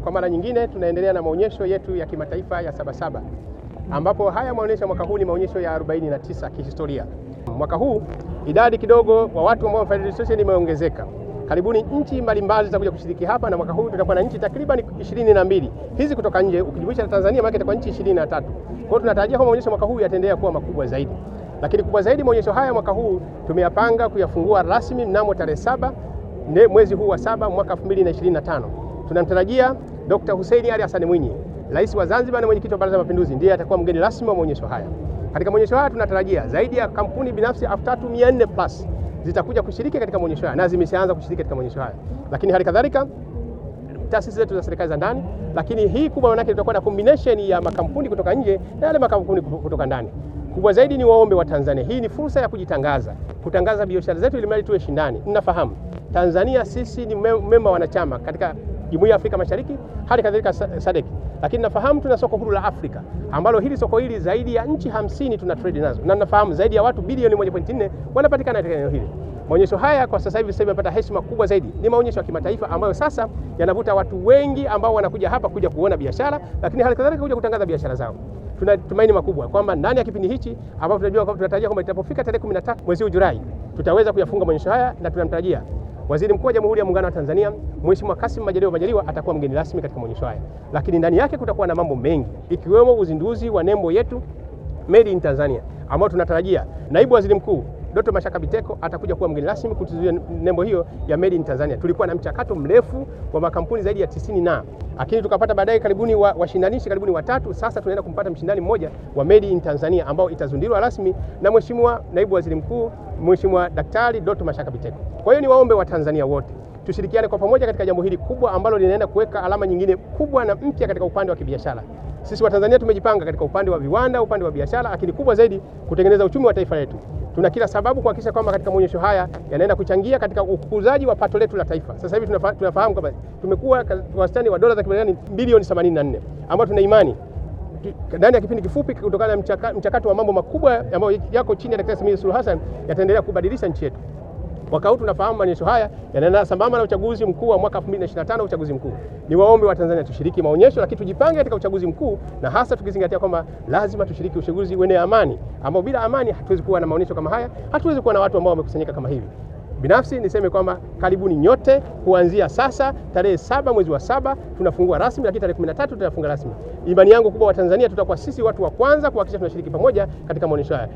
Ni kwa mara nyingine tunaendelea na maonyesho yetu ya kimataifa ya Sabasaba, ambapo haya maonyesho mwaka huu ni maonyesho ya 49 kihistoria. Mwaka huu idadi kidogo wa watu ambao wamefanya registration imeongezeka, karibuni nchi mbalimbali zitakuja kushiriki hapa, na mwaka huu tutakuwa na nchi takriban ishirini na mbili hizi kutoka nje, ukijumuisha na Tanzania maana itakuwa nchi ishirini na tatu. Kwa hiyo tunatarajia kwa maonyesho mwaka huu yataendelea kuwa makubwa zaidi, lakini kubwa zaidi maonyesho haya mwaka huu tumeyapanga kuyafungua rasmi mnamo tarehe saba mwezi huu wa saba mwaka 2025 tunamtarajia Dr. Hussein Ali Hassan Mwinyi, Rais wa Zanzibar na mwenyekiti wa Baraza la Mapinduzi, ndiye atakuwa mgeni rasmi wa maonyesho haya. Katika maonyesho haya tunatarajia zaidi ya kampuni binafsi 3400 plus zitakuja kushiriki katika maonyesho haya na zimeshaanza kushiriki katika maonyesho haya, lakini hali kadhalika taasisi zetu za serikali za ndani, lakini hii kubwa manake tutakuwa na combination ya makampuni kutoka nje na yale makampuni kutoka ndani. Kubwa zaidi ni waombe wa Tanzania, hii ni fursa ya kujitangaza, kutangaza biashara zetu ili mali tuwe shindani. Ninafahamu Tanzania sisi ni mema wanachama katika Jumuiya ya Afrika Mashariki, hali kadhalika SADC. Lakini nafahamu tuna soko huru la Afrika ambalo hili soko hili zaidi ya nchi hamsini tuna trade nazo, na nafahamu zaidi ya watu bilioni 1.4 wanapatikana katika eneo hili. Maonyesho haya kwa sasa hivi sasa yamepata heshima kubwa zaidi. Ni maonyesho ya kimataifa ambayo sasa yanavuta watu wengi ambao wanakuja hapa kuja kuona biashara, lakini hali kadhalika kuja kutangaza biashara zao. Tuna tumaini makubwa kwamba ndani ya kipindi hichi ambapo tunajua kwamba tunatarajia kwamba itapofika tarehe 13 mwezi wa Julai tutaweza kuyafunga maonyesho haya na tunamtarajia Waziri Mkuu wa Jamhuri ya Muungano wa Tanzania Mheshimiwa Kassim Majaliwa Majaliwa atakuwa mgeni rasmi katika maonyesho haya, lakini ndani yake kutakuwa na mambo mengi ikiwemo uzinduzi wa nembo yetu Made in Tanzania ambayo tunatarajia naibu waziri mkuu Dr. Mashaka Biteko atakuja kuwa mgeni rasmi kutuzia nembo hiyo ya Made in Tanzania. Tulikuwa na mchakato mrefu wa makampuni zaidi ya tisini na lakini tukapata baadaye karibuni washindanishi wa karibuni watatu. Sasa tunaenda kumpata mshindani mmoja wa Made in Tanzania ambao itazundirwa rasmi na Mheshimiwa naibu waziri mkuu Mheshimiwa Daktari Dr. Mashaka Biteko. Kwa hiyo niwaombe Watanzania wote tushirikiane kwa pamoja katika jambo hili kubwa ambalo linaenda kuweka alama nyingine kubwa na mpya katika upande wa kibiashara. Sisi Watanzania tumejipanga katika upande wa viwanda, upande wa biashara, lakini kubwa zaidi kutengeneza uchumi wa taifa letu. Tuna kila sababu kuhakikisha kwamba katika maonyesho haya yanaenda kuchangia katika ukuzaji wa pato letu la taifa. Sasa hivi tunafa, tunafahamu kwamba tumekuwa wastani wa dola za Kimarekani bilioni 84 ambayo tuna imani ndani ya kipindi kifupi kutokana na mchakato mchaka wa mambo makubwa ambayo yako chini ya Daktari Samia Suluhu Hassan yataendelea kubadilisha nchi yetu. Mwaka huu tunafahamu maonyesho haya yanaenda sambamba na uchaguzi mkuu wa mwaka 2025 uchaguzi mkuu. Ni waombe wa Tanzania tushiriki maonyesho, lakini tujipange katika uchaguzi mkuu, na hasa tukizingatia kwamba lazima tushiriki uchaguzi wenye amani, ambao bila amani hatuwezi kuwa na maonyesho kama haya, hatuwezi kuwa na watu ambao wamekusanyika kama hivi. Binafsi niseme kwamba karibuni nyote. Kuanzia sasa tarehe saba mwezi wa saba tunafungua rasmi, lakini tarehe 13 tutafunga rasmi. Imani yangu kubwa, Tanzania tutakuwa sisi watu wa kwanza kuhakikisha tunashiriki pamoja katika maonyesho haya.